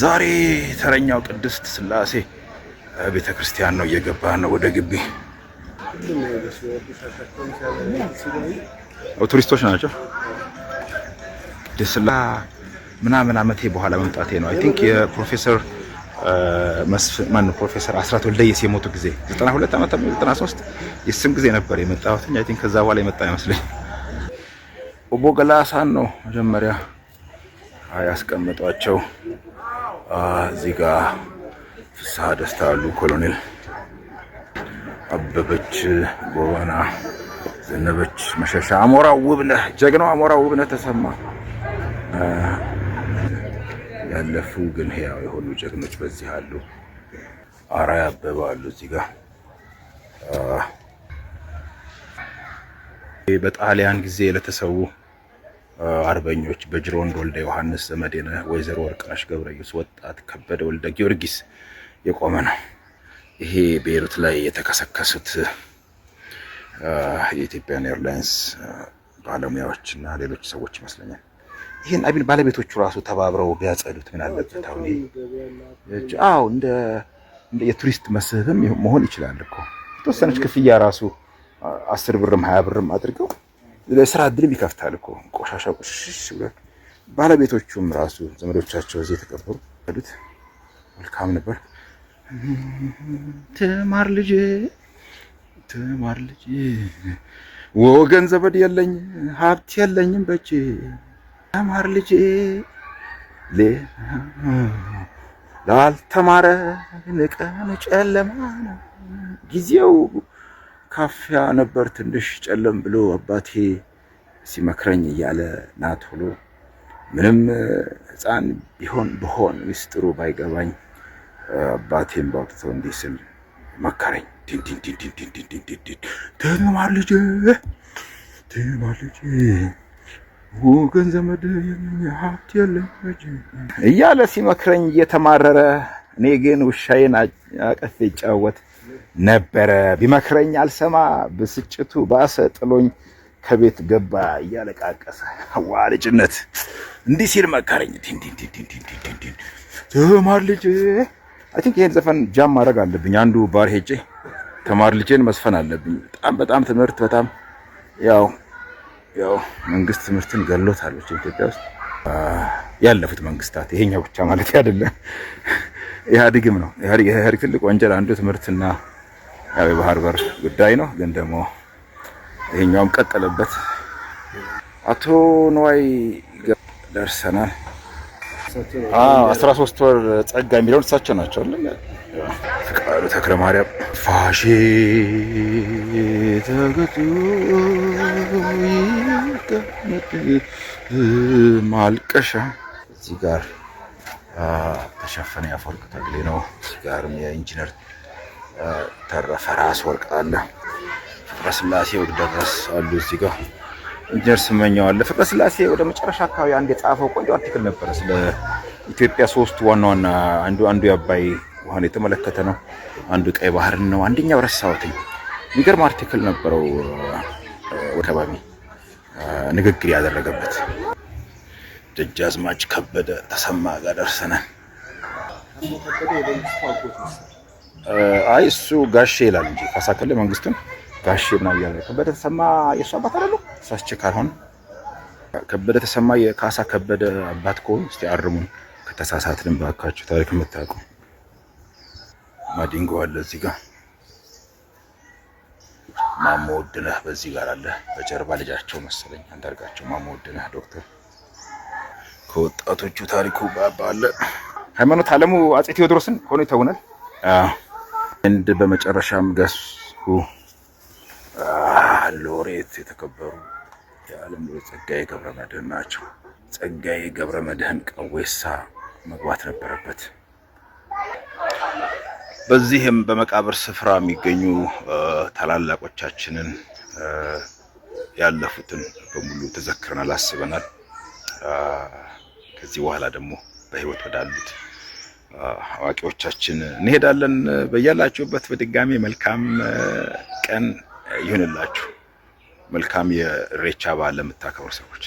ዛሬ ተረኛው ቅድስት ስላሴ ቤተ ክርስቲያን ነው። እየገባ ነው ወደ ግቢ። ቱሪስቶች ናቸው። ደስላ ምናምን አመቴ በኋላ መምጣቴ ነው። አይ ቲንክ የፕሮፌሰር መስፍን ማን ፕሮፌሰር አስራት ወልደየስ የሞቱ ጊዜ 92 ዓመት 93 የስም ጊዜ ነበር የመጣሁት። አይ ቲንክ ከዛ በኋላ የመጣ ይመስለኝ። ኦቦ ገላሳን ነው መጀመሪያ አይ እዚህ ጋ ፍስሐ ደስታ አሉ፣ ኮሎኔል አበበች ጎበና፣ ዘነበች መሸሻ፣ አሞራ ውብነህ ጀግናው አሞራ ውብነህ ተሰማ ያለፉ ግን ህያው የሆኑ ጀግኖች በዚህ አሉ። አራያ አበበ አሉ እዚህ ጋር በጣሊያን ጊዜ ለተሰዉ አርበኞች በጅሮንድ ወልደ ዮሐንስ ዘመዴነ፣ ወይዘሮ ወርቅነሽ ገብረየስ ወጣት ከበደ ወልደ ጊዮርጊስ የቆመ ነው። ይሄ ቤይሩት ላይ የተከሰከሱት የኢትዮጵያን ኤርላይንስ ባለሙያዎች እና ሌሎች ሰዎች ይመስለኛል። ይህን አቢን ባለቤቶቹ ራሱ ተባብረው ቢያጸዱት ምን አለበት? አሁን አዎ እንደ የቱሪስት መስህብም መሆን ይችላል እኮ የተወሰነች ክፍያ ራሱ አስር ብርም ሀያ ብርም አድርገው ለስራ እድልም ይከፍታል እኮ ቆሻሻ ቁሽሽ ብሏል። ባለቤቶቹም ራሱ ዘመዶቻቸው እዚህ የተቀበሩ ሉት መልካም ነበር። ትማር ልጅ ትማር ልጅ ወገን ዘመድ የለኝ ሀብት የለኝም በች ተማር ልጅ ላልተማረ ንቀን ጨለማ ነው ጊዜው ካፊያ ነበር ትንሽ ጨለም ብሎ አባቴ ሲመክረኝ እያለ ናት ሁሉ ምንም ህፃን ቢሆን ብሆን ሚስጥሩ ባይገባኝ አባቴን ባውጥተው እንዲህ ስል መከረኝ። ትማር ልጅ ትማር ልጅ ወገን ዘመድ ሀብት የለም እያለ ሲመክረኝ እየተማረረ እኔ ግን ውሻዬን አቀፌ ይጫወት ነበረ። ቢመክረኝ አልሰማ፣ ብስጭቱ ባሰ፣ ጥሎኝ ከቤት ገባ እያለቃቀሰ። ዋ ልጅነት! እንዲህ ሲል መከረኝ። ማር ልጅ አይ ቲንክ ይሄን ዘፈን ጃም ማድረግ አለብኝ። አንዱ ባር ሄጄ ከማር ልጄን መስፈን አለብኝ። በጣም በጣም ትምህርት በጣም ያው ያው መንግስት ትምህርትን ገሎታል ብቻ ኢትዮጵያ ውስጥ ያለፉት መንግስታት፣ ይሄኛው ብቻ ማለት አይደለም፣ ኢህአዴግም ነው። ኢህአዴግ ትልቅ ወንጀል አንዱ ትምህርትና ያው የባህር በር ጉዳይ ነው፣ ግን ደግሞ ይሄኛውም ቀጠለበት። አቶ ንዋይ ደርሰናል። አስራ ሶስት ወር ጸጋ የሚለውን እሳቸው ናቸው ፍቃዱ ተክለ ማርያም ፋሺ ተገቱ ማልቀሻ እዚህ ጋር ተሸፈነ ያፈወርቅ ተክሌ ነው። እዚህ ጋርም የኢንጂነር ተረፈ ራስ ወርቅ አለ። ፍቅረስላሴ ወደ ደረስ አሉ። እዚህ ጋር ኢንጂነር ስመኛው አለ። ፍቅረስላሴ ወደ መጨረሻ አካባቢ አንድ የጻፈው ቆንጆ አርቲክል ነበረ ስለ ኢትዮጵያ ሶስቱ ዋና ዋና አንዱ አንዱ የአባይ ውሃን የተመለከተ ነው። አንዱ ቀይ ባህርን ነው። አንደኛው ረሳሁትኝ የሚገርም አርቲክል ነበረው። ወተባቢ ንግግር ያደረገበት ደጃዝማች ከበደ ተሰማ ጋር ደርሰናል። አይ እሱ ጋሼ ይላል እንጂ ካሳ ከለ መንግስቱን ጋሼ ምናምን እያለ ከበደ ተሰማ የእሱ አባት አይደሉ? ሳስቼ ካልሆን ከበደ ተሰማ የካሳ ከበደ አባት ከሆኑ እስቲ አርሙን ከተሳሳትን ባካችሁ። ታሪክ የምታውቁ ማዲንጎ አለ እዚህ ጋር ማሞ ወድነህ በዚህ ጋር አለ። በጀርባ ልጃቸው መሰለኝ አንዳርጋቸው ማሞ ወድነህ ዶክተር ከወጣቶቹ ታሪኩ ባባ አለ ሃይማኖት አለሙ አጼ ቴዎድሮስን ሆኖ ይተውናል። እንድ በመጨረሻም ገሱ ሎሬት የተከበሩ የዓለም ሎሬት ጸጋዬ ገብረ መድህን ናቸው። ጸጋዬ ገብረ መድህን ቀዌሳ መግባት ነበረበት። በዚህም በመቃብር ስፍራ የሚገኙ ታላላቆቻችንን ያለፉትን በሙሉ ተዘክረናል፣ አስበናል። ከዚህ በኋላ ደግሞ በህይወት ወዳሉት አዋቂዎቻችን እንሄዳለን። በያላችሁበት በድጋሚ መልካም ቀን ይሁንላችሁ። መልካም የኢሬቻ በዓል ለምታከብሩ ሰዎች